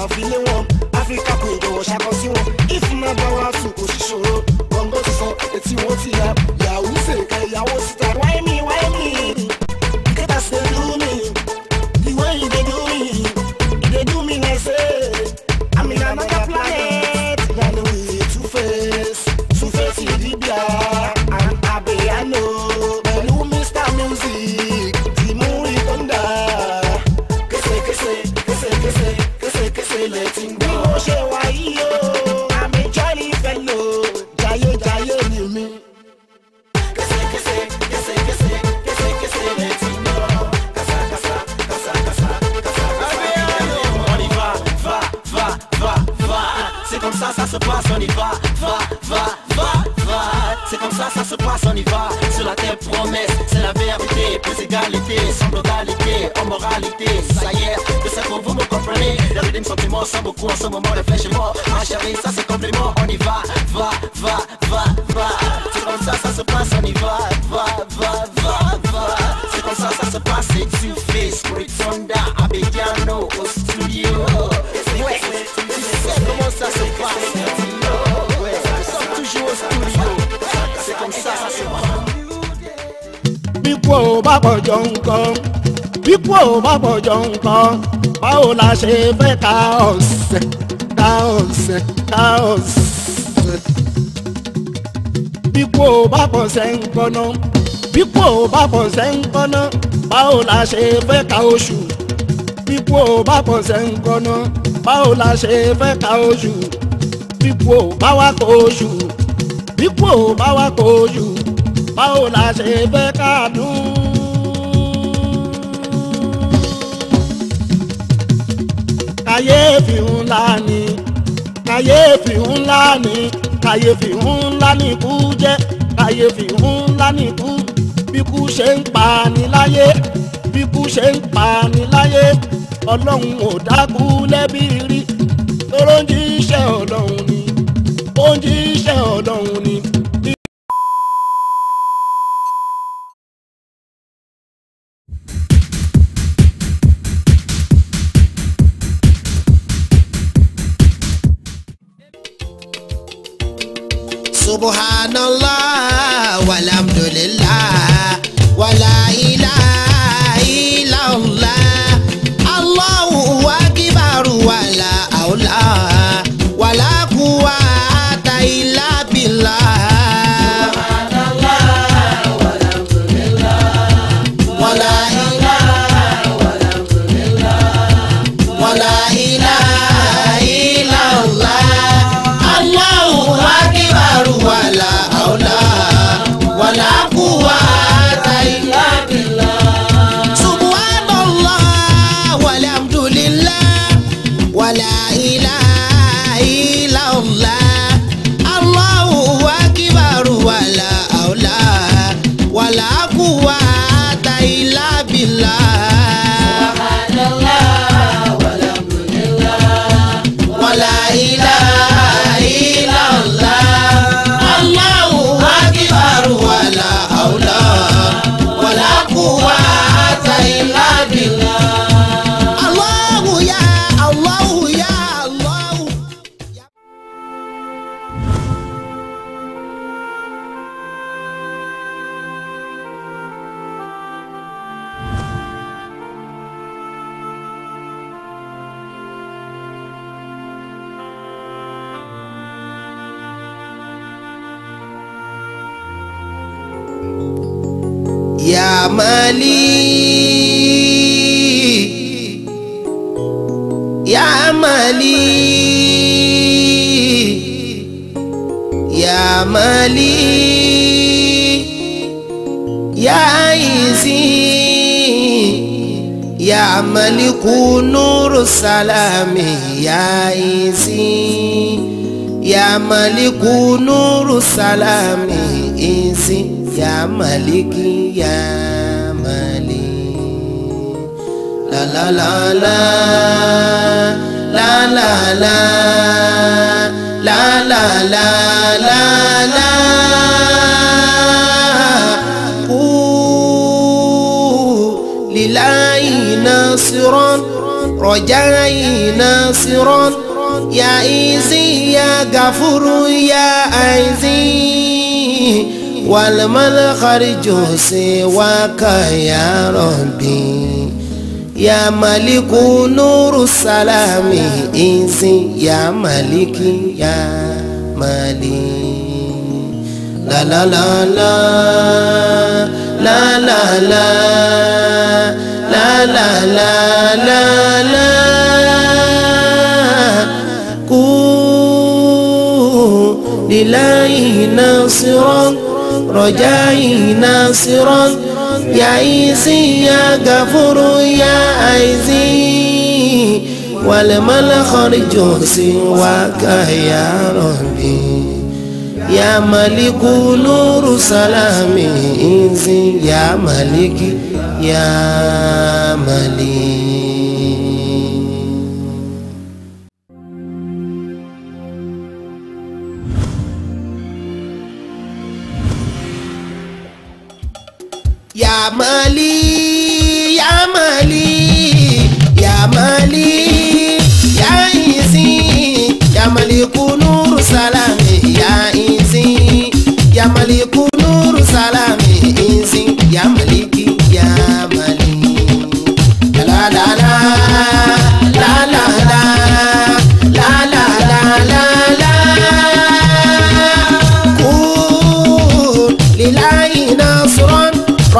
kan fi lé wọn áfíríkà kò ìdọ̀wọ̀ ṣàkọ sí wọn ìfúnná bá wa sùn kò sì ṣòro gbọ̀ngàn ti sọ etí wọn ti ya yahoo ṣèǹkà ìyàwó síta wáyé mi wáyé mi kẹta ṣe lú sans brutalité, en moralité Ça y est, que ça trouve, vous me comprenez La rythme sentiments, sans beaucoup en ce moment, les flèches Ma chérie, ça c'est complément on y va, va, va, va, va C'est comme ça, ça se passe, on y va ò bá pọ̀ jọ nǹkan bí kú ò bá pọ̀ jọ nǹkan báwo la ṣe fẹ́ ká ọ̀sẹ̀ ká ọ̀sẹ̀ ká ọ̀sẹ̀. bí kú ò bá pọ̀ sẹ́ ń kọ́nà bí kú ò bá pọ̀ sẹ́ ń báwo la ṣe fẹ́ ká oṣù bí ò bá pọ̀ sẹ́ ń báwo la ṣe fẹ́ ká oṣù bí ò bá wá kó oṣù bí ò bá wá kó oṣù báwo la ṣe fẹ́ ká dùn. kàyéfì ńlá ni kàyéfì ńlá ni kàyéfì ńlá ni kú jẹ́ kàyéfì ńlá ni kú bí kú ṣe ń pa ni láyé bí kú ṣe ń pa ni láyé ọlọ́run ò dákú lẹ́bí rí lóró ń ọlọ́run ni ó ń ọlọ́run ni. subhanallah walhamdulillah. يا مالي يا مالي يا عيسي يا ملك نور السلام يا عيسي يا ملك نور السلام عيسي يا ملك يا لا لا لا لا لا لا لا لا لا لا لا لله ناصرا رجائي ناصرا يا عزي يا غفور يا عزي والملخرج سواك يا ربي ya maliku nuru salami inzi ya maliki ya mali la la la la la la la la la la la la ku lilayi nasiran rojayi nasiran. يا عيسي يا غفور يا عزيز ولما الخرج سواك يا ربي يا ملك نور سلامي يا ملك يا ملك mali ya mali ya mali ya isin ya maliku nuru salami ya isin ya maliku nuru salami.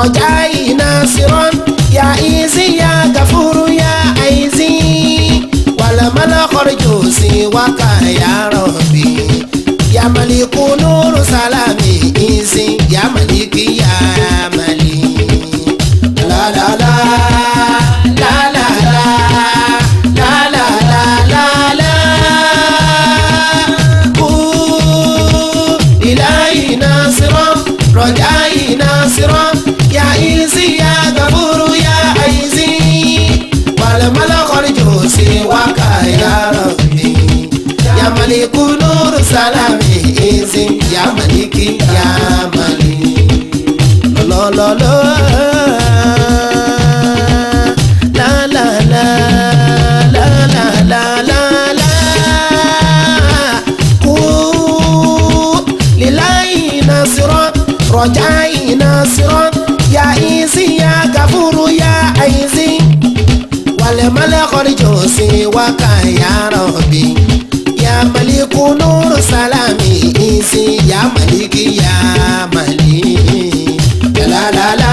رجائي ناصرا يا عيزي يا غفور يا عيزي ولما الأخر جوزي وكا يا ربي يا ملك نور سلام رجائي ناصرا يا عيزي يا غفور يا عيزي والملك رجوسي وكا يا ربي يا ملك نور سلامي عيزي يا ملك يا ملك لا لا لا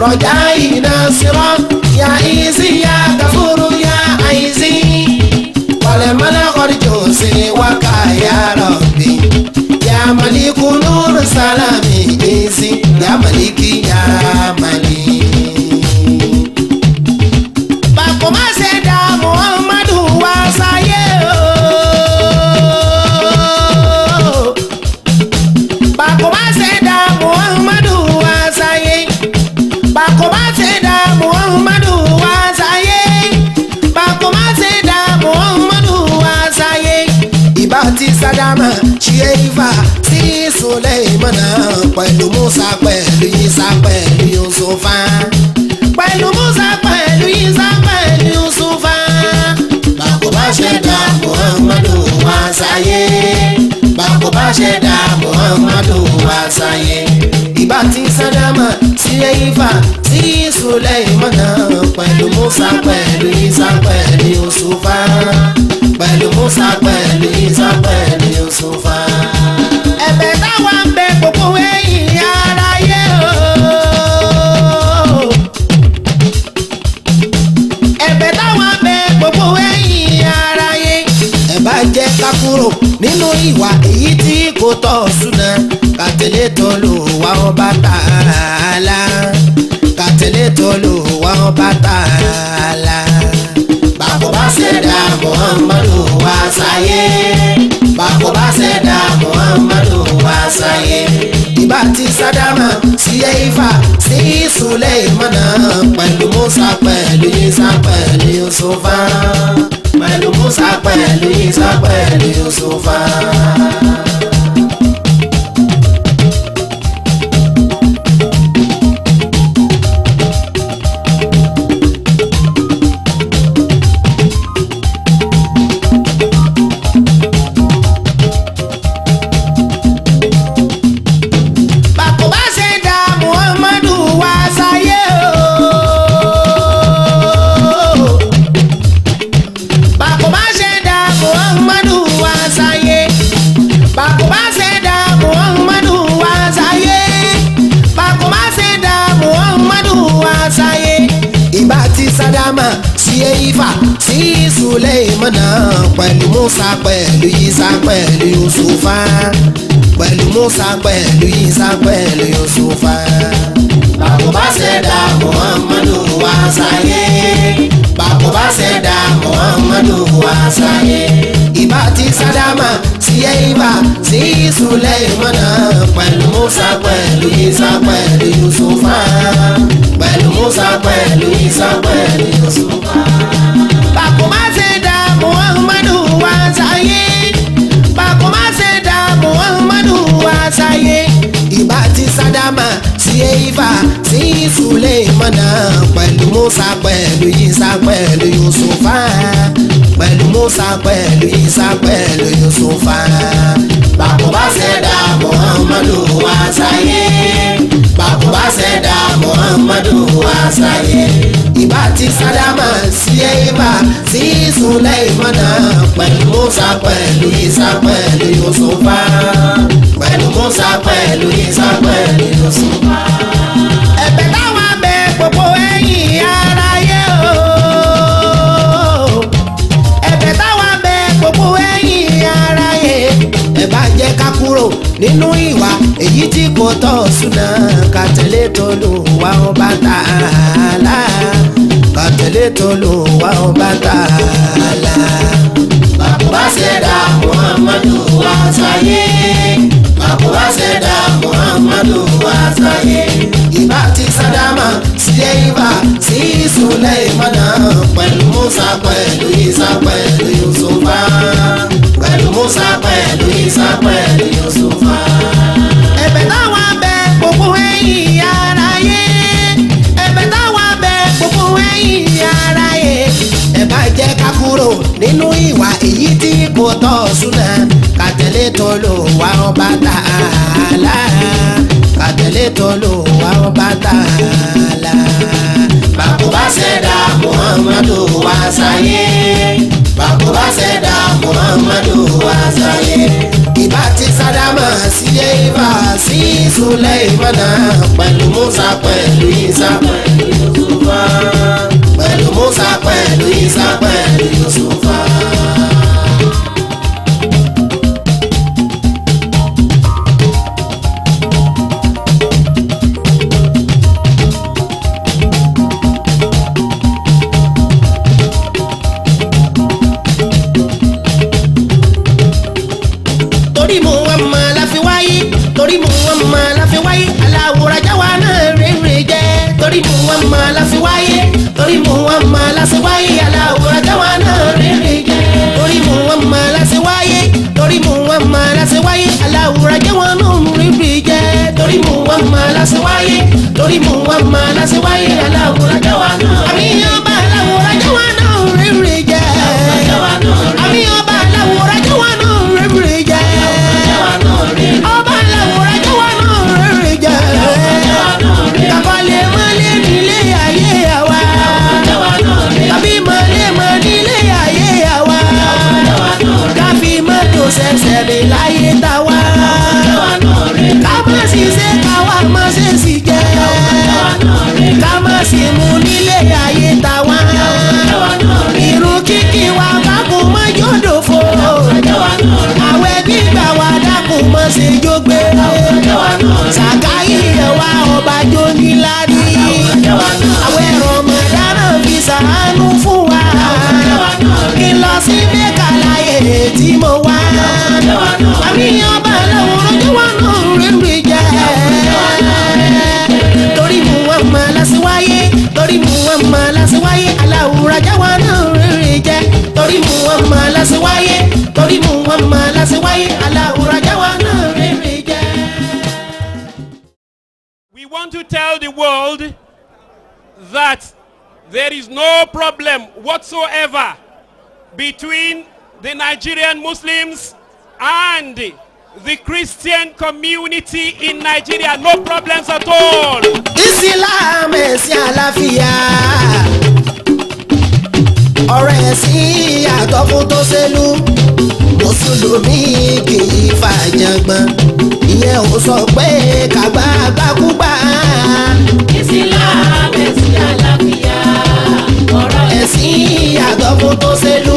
رجائي ناصرا يا عيزي يا غفور يا عيزي ولمن خرجوسي وكا يا ربي يا مليك نور سلامي عيزي يا مليكي يا pẹ̀lú Musa pẹ̀lú Isa pẹ̀lú Yusufa pẹ̀lú Musa pẹ̀lú Isa pẹ̀lú Yusufa bàkó bá ṣẹ̀dá Muhammadu wá sáyé bàkó bá ṣẹ̀dá Muhammadu wá sáyé ìbá ti Sádámà sí Ẹ̀yífà sí Sùlẹ̀mánà pẹ̀lú Musa pẹ̀lú Isa pẹ̀lú Yusufa pẹ̀lú Musa pẹ̀lú Isa pẹ̀lú Yusufa. kúrò nínú ìwà èyí tí kò tọ́ súná kàtẹ́lẹ́ tó lò wá ọba tààlà kàtẹ́lẹ́ tó lò wá ọba tààlà. bàbá bá ṣẹ̀dá Muhammadu wá sáyé bàbá bá ṣẹ̀dá Muhammadu wá sáyé ìbá ti sádámà sí ẹ̀yìnfà sí Sùlẹ̀mánà pẹ̀lú Mùsá pẹ̀lú Ìsá pẹ̀lú Yúsúfà pẹ̀lú Musa pẹ̀lú Isa pẹ̀lú Yusufa. Yusufa pẹ̀lú Musa pẹ̀lú Isa pẹ̀lú Yusufa. Bàbá ṣẹ̀dá Muhammadu wá sáyé. Bàbá ṣẹ̀dá Muhammadu wá sáyé. Ìbá ti Sádámà sí Ẹ̀yìnbá sí Sùlẹ̀mọ́nà pẹ̀lú Musa pẹ̀lú Isa pẹ̀lú Yusufa. Pẹ̀lú Musa pẹ̀lú Isa pẹ̀lú Yusufa. Bàbá ṣẹ̀dá Muhammadu wá sáyé. sáyé ìbá ti sádámà sí eifa sí ìsúlẹ̀mọ́nà pẹ̀lú musa pẹ̀lú isa pẹ̀lú yusufa pẹ̀lú musa pẹ̀lú isa pẹ̀lú yusufa bàbá bá ṣẹ̀dá muhammadu wá sáyé ọba ṣẹ̀dá muhammadu wá sáyé ìbá ti sádámà sí ẹ̀yìnbá sí sùlẹ̀mọ́nà pẹ̀lú musa pẹ̀lú isa pẹ̀lú yusufa pẹ̀lú musa pẹ̀lú isa pẹ̀lú yusufa. ẹ̀bẹ̀ táwọn abẹ gbogbo ẹ̀yìn aráyé o ẹ̀bẹ̀ táwọn abẹ gbogbo ẹ̀yìn aráyé bá jẹ́ ká kúrò nínú ìwà èyí tí kò tọ́ súná ká tẹ̀lé t'Olúwa ọba tààlà ká tẹ̀lé t'Olúwa ọba tààlà. bàbá ṣẹ̀dá Muhammadu wá sáyé bàbá ṣẹ̀dá Muhammadu wá sáyé ìbá ti sádámà sílé ìbá sí Sùlẹ́mánà pẹ̀lú Mùsá pẹ̀lú Ìsá pẹ̀lú Yùsùfà pẹ̀lú Musa pẹ̀lú Isa pẹ̀lú Yusufa. ẹ̀bẹ̀ táwa bẹ gbogbo ẹ̀yìn ara yé ẹ̀bẹ̀ táwa bẹ gbogbo ẹ̀yìn ara yé. ẹ bá jẹ́ ká kúrò nínú ìwà èyí tí kò tọ́ súnà ká tó lò wá ọba tààlà ká tẹ̀lé tó lò wá ọba tààlà. bàbá bá ṣẹ̀dá Muhammadu wá sáyé bàbá bá ṣẹ̀dá muhammadu azaye ìbá ti sádámà sí eva sí suleimana pẹ̀lú musa pẹ̀lú isa pẹ̀lú musa pẹ̀lú isa pẹ̀lú. between the Nigerian Muslims and the Christian community in Nigeria. No problems at all. Islam ẹ̀sìn àlàáfíà. Ọ̀rọ̀ ẹ̀sìn yàtọ̀ fún tó sẹ́lú. Mùsùlùmí kì í fàjàngbọ̀n. Ìyẹn ò sọ pé kàgbá àgbákúgbà. Islam ẹ̀sìn àlàáfíà. Ọ̀rọ̀ ẹ̀sìn yàtọ̀ fún tó sẹ́lú.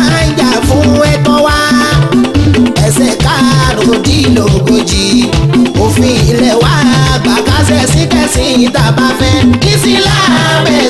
márùndínlógójì òfin ilé wa bàkásẹ̀ sí tẹ̀sí yìí tá a fẹ́ ìsìlámẹ́.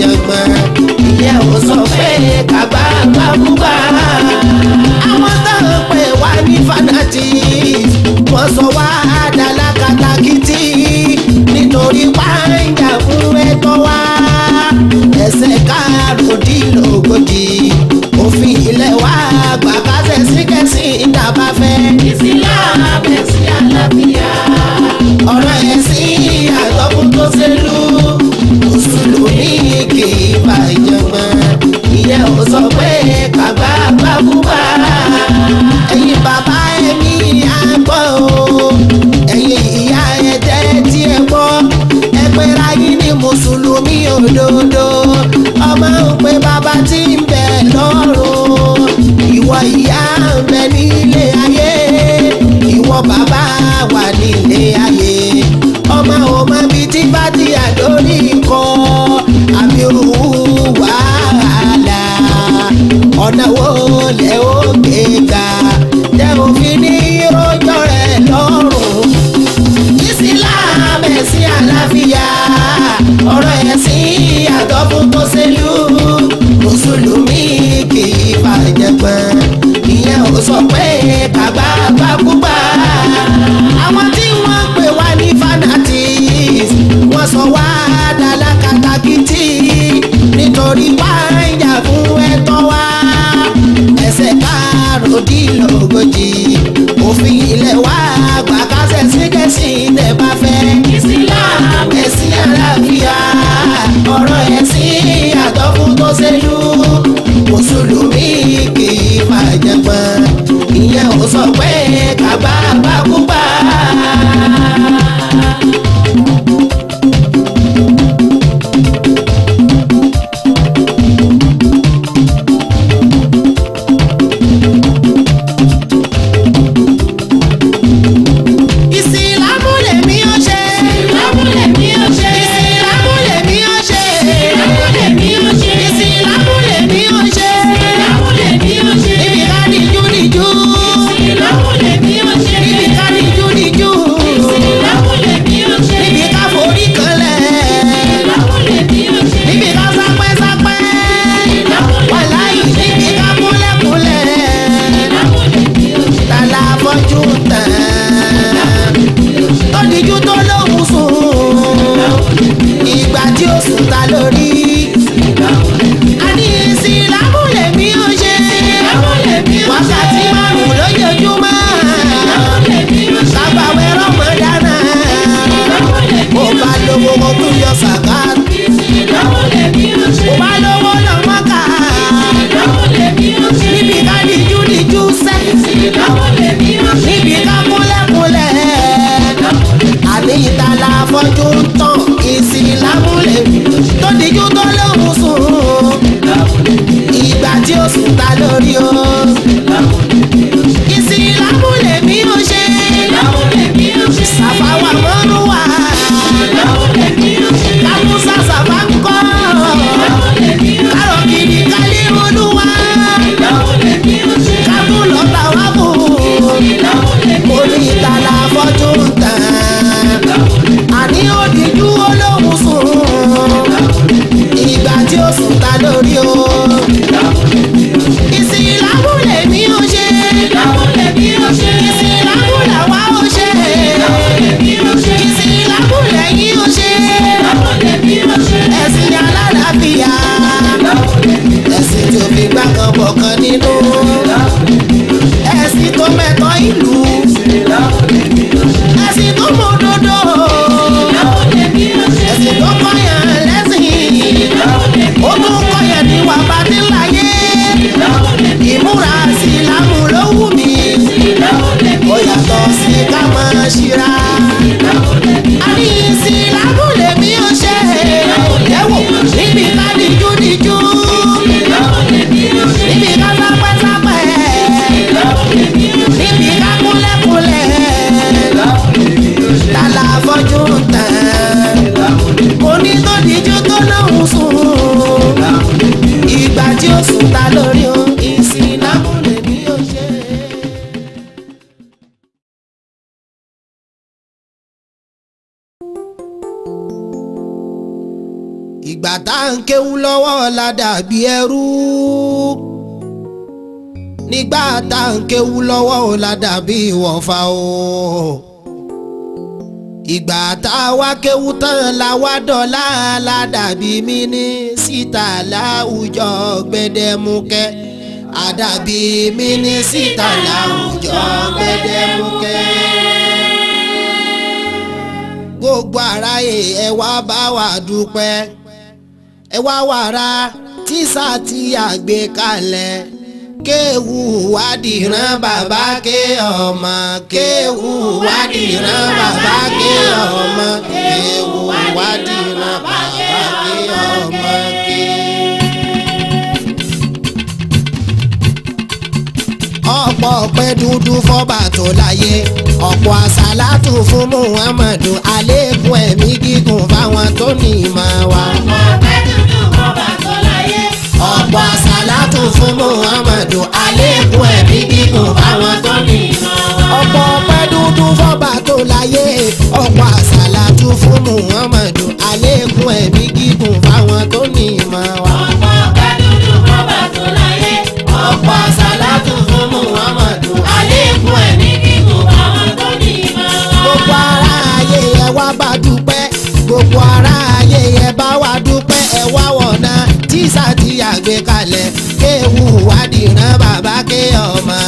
jọgbọ́n ìyẹ́ ò sọ pé kàbá pàmùbà àwọn táwọn pè wá ní fanati wọ́n sọ wá àdàlà kàtàkìtì nítorí pàǹjà fún ẹ̀tọ́ wa ẹsẹ̀ káròdínlógójì òfin ilé wa gbàgbà sẹ́sìnkẹ́sìn. fi ní rọjò rẹ̀ lọ́rùn ìsìláàmù sí àlàáfíà ọ̀rọ̀ ẹ̀sìn àtọ́kùn tó ṣèlú mùsùlùmí kì í bàjẹ́ pẹ́ ìyẹn ò sọ pé kàgbá gbàkúgbà àwọn tí wọ́n pè wá ní fanatics wọ́n sọ wá dàlákàtàkìtì nítorí wá. away. òṣùpá lórí o. quisiera kéwú lọ́wọ́ la dàbí ẹrú nígbà tá à ń kéwú lọ́wọ́ la dàbí ìwọ̀fà o ìgbà tá a wá kéwú tán la wá dọ̀là la dàbí mínísítà láwùjọ gbẹdẹmukẹ àdàbí mínísítà láwùjọ gbẹdẹmukẹ gbogbo àráyè ẹ wá bá wa dúpẹ́ ẹ wá wàrà tíṣà tí a gbé kalẹ̀ kéwù wádìí rán bàbá ké ọmọ kéwù wádìí rán bàbá ké ọmọ kéwù wádìí rán bàbá ké ọmọ ké. ọ̀pọ̀ ọ̀pẹ dúdú fọ́bà tó láyé ọ̀pọ̀ àsálàtù fún muhammadu àlékún ẹ̀mí gígùn fáwọn tó ní ìmọ̀ wa. ọ̀pọ̀ ọ̀pẹ dúdú ọ̀pọ̀ sàlátù fún muhammadu àlékún ẹ̀mí gígùn fáwọn tó ní ìmọ̀ wa. ọ̀pọ̀ ọpẹ́ dúdú fọ́ba tó láyé ọ̀pọ̀ sàlátù fún muhammadu àlékún ẹ̀mí gígùn fáwọn tó ní ìmọ̀ wa. ọ̀pọ̀ ọpẹ́ dúdú fọ́ba tó láyé ọ̀pọ̀ sàlátù fún muhammadu àlékún ẹ̀mí gígùn fáwọn tó ní ìmọ̀ gbogbo ara ayé ẹ wá bá dúpẹ́ gbogbo ara ẹ wá wọ̀nà tíṣà ti àgbékalẹ̀ kéwù wádìí rán bàbá ké ọmọ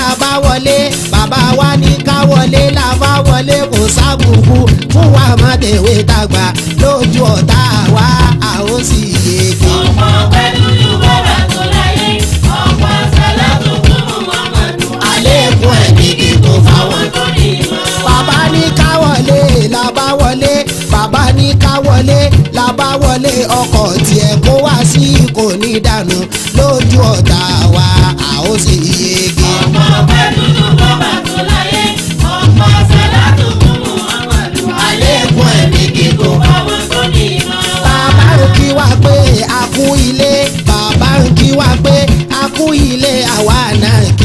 la bá wọlé bàbá wa ní ká wọlé la bá wọlé kò sábùkù fún wa má tèwe dàgbà lójú ọ̀tá wa a ó sì yege. ọmọ pẹ̀lú yorùbá bá tó láyé ọmọ sálá tó kún mọ́ mọ́mọ́dù. àlékún ẹ̀ gidi tó fáwọn tó ní ìmọ̀. bàbá ní ká wọlé la bá wọlé bàbá ọkọ̀ tiẹ̀ kó wá sí kò ní dànù lójú ọ̀tá wa a sì yege.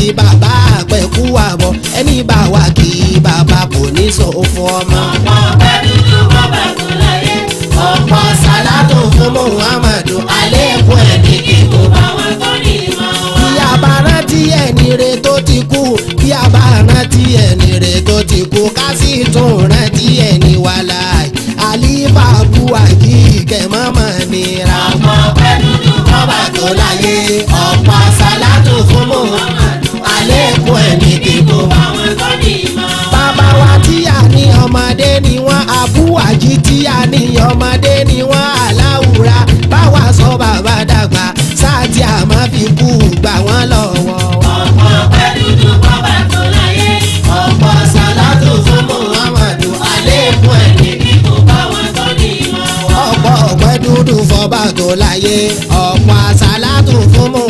ti bàbá àpẹ̀kú àbọ̀ ẹni bá wà kí bàbá kò ní sọ fún ọmọ. ọ̀pọ̀ ọpẹ́ dúdú bọ́bà kò láyé ọ̀pọ̀ sàlátò fún muhammadu àlékún ẹ̀mí kí kò bá wọn tó ní ìmọ̀ wọn. bí a bá rántí ẹni re tó ti kú bí a bá ẹni re tó ti kú ká sì tún rántí ẹni wà láàyè àlífà bú àkí kẹ̀mọ́mọ́ nira. ọ̀pọ̀ ọpẹ́ dúdú bọ́bà kò láyé ọ̀pọ̀ sàlátò fún muhammadu. wàjí tí àníyàn ọmọdé ni wọ́n aláwùrà báwa sọ bàbá dàgbà sáà tí a máa fi kú gbà wọ́n lọ́wọ́. ọ̀pọ̀ pẹ́ dúdú kọ́ bá tó fún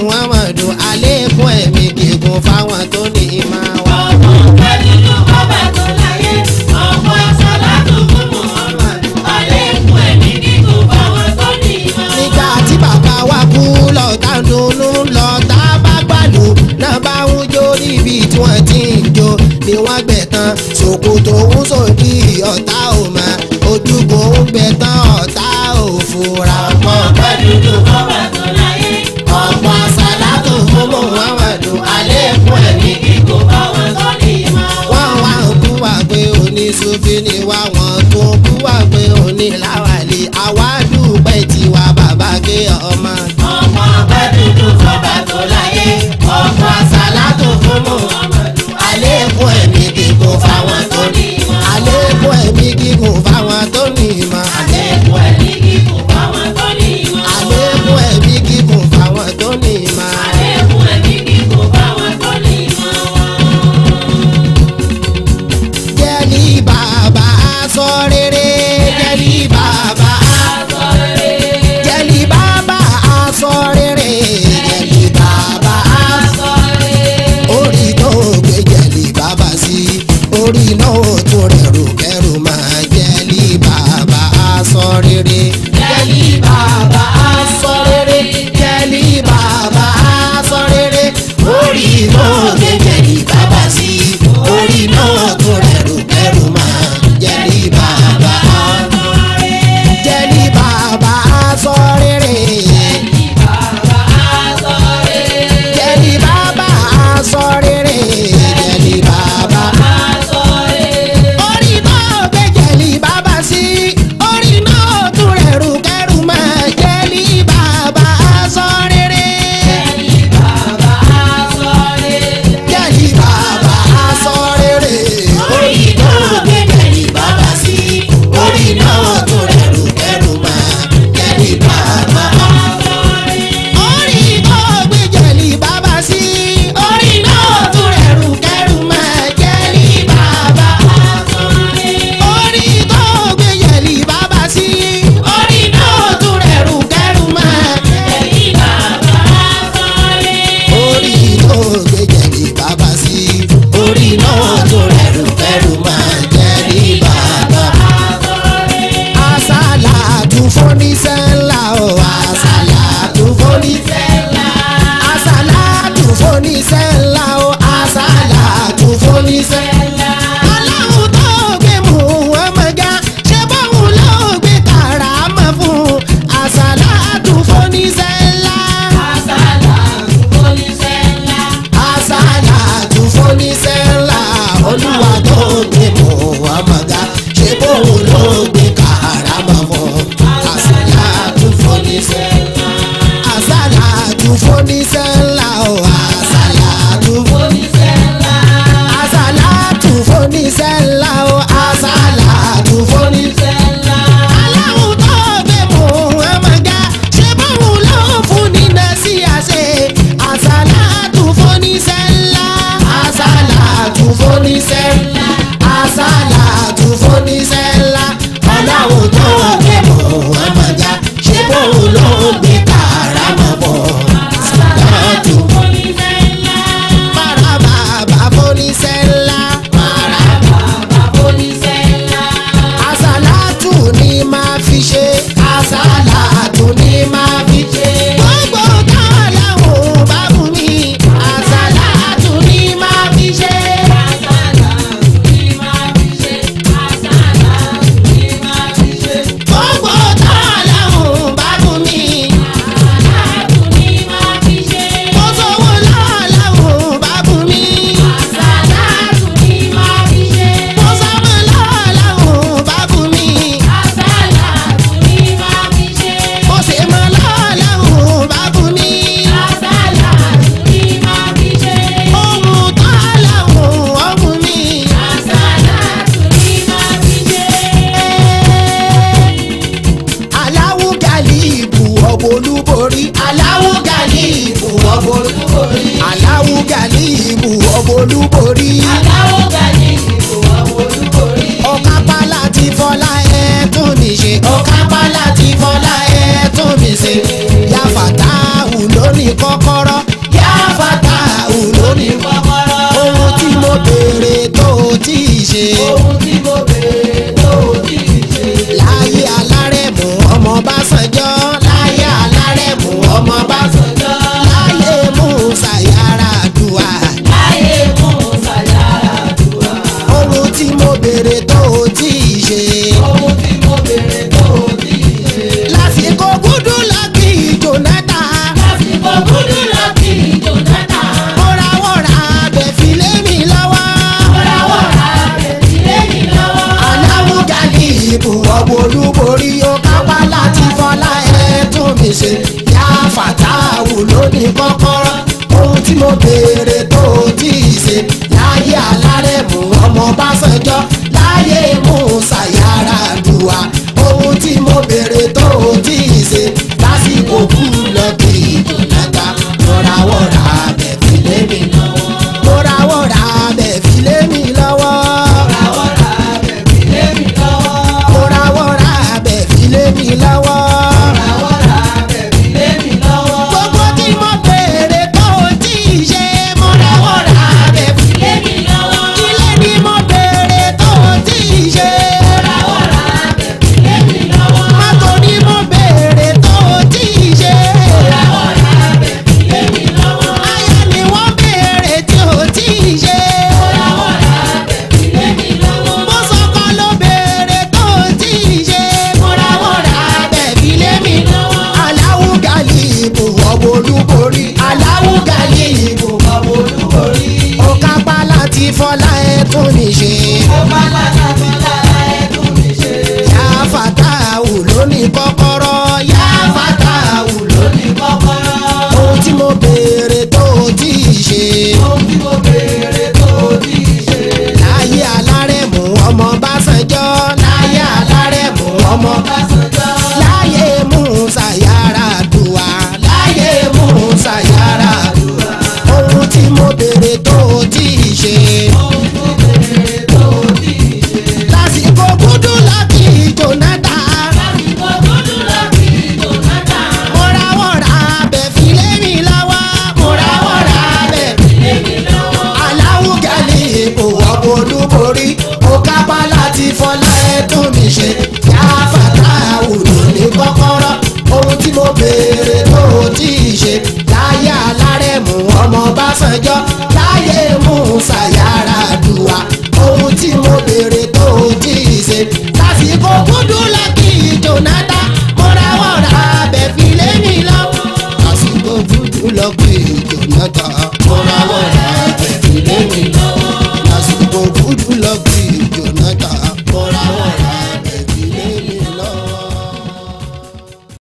Muhammadu àlékún fún ẹ̀mí kíkó fáwọn. ọ̀tá ò mọ̀ ojúbọ ń bẹ tán ọ̀tá ò fura. ọ̀pọ̀ gbẹ́dúdú kọ́mà tó láyé ọ̀pọ̀ sàlátò fún Muhammadu àlékún ẹ̀mí kíkó bá wọn tó lè mọ̀. wọ́n wá òkú wà pé òní sóbì ni wá wọn tó kú wà pé òní láwàlẹ̀ àwa dúpẹ́ tiwa bàbá gé ọmọ. ọ̀pọ̀ gbẹ́dúdú kọ́mà tó láyé ọ̀pọ̀ sàlátò fún Muhammadu.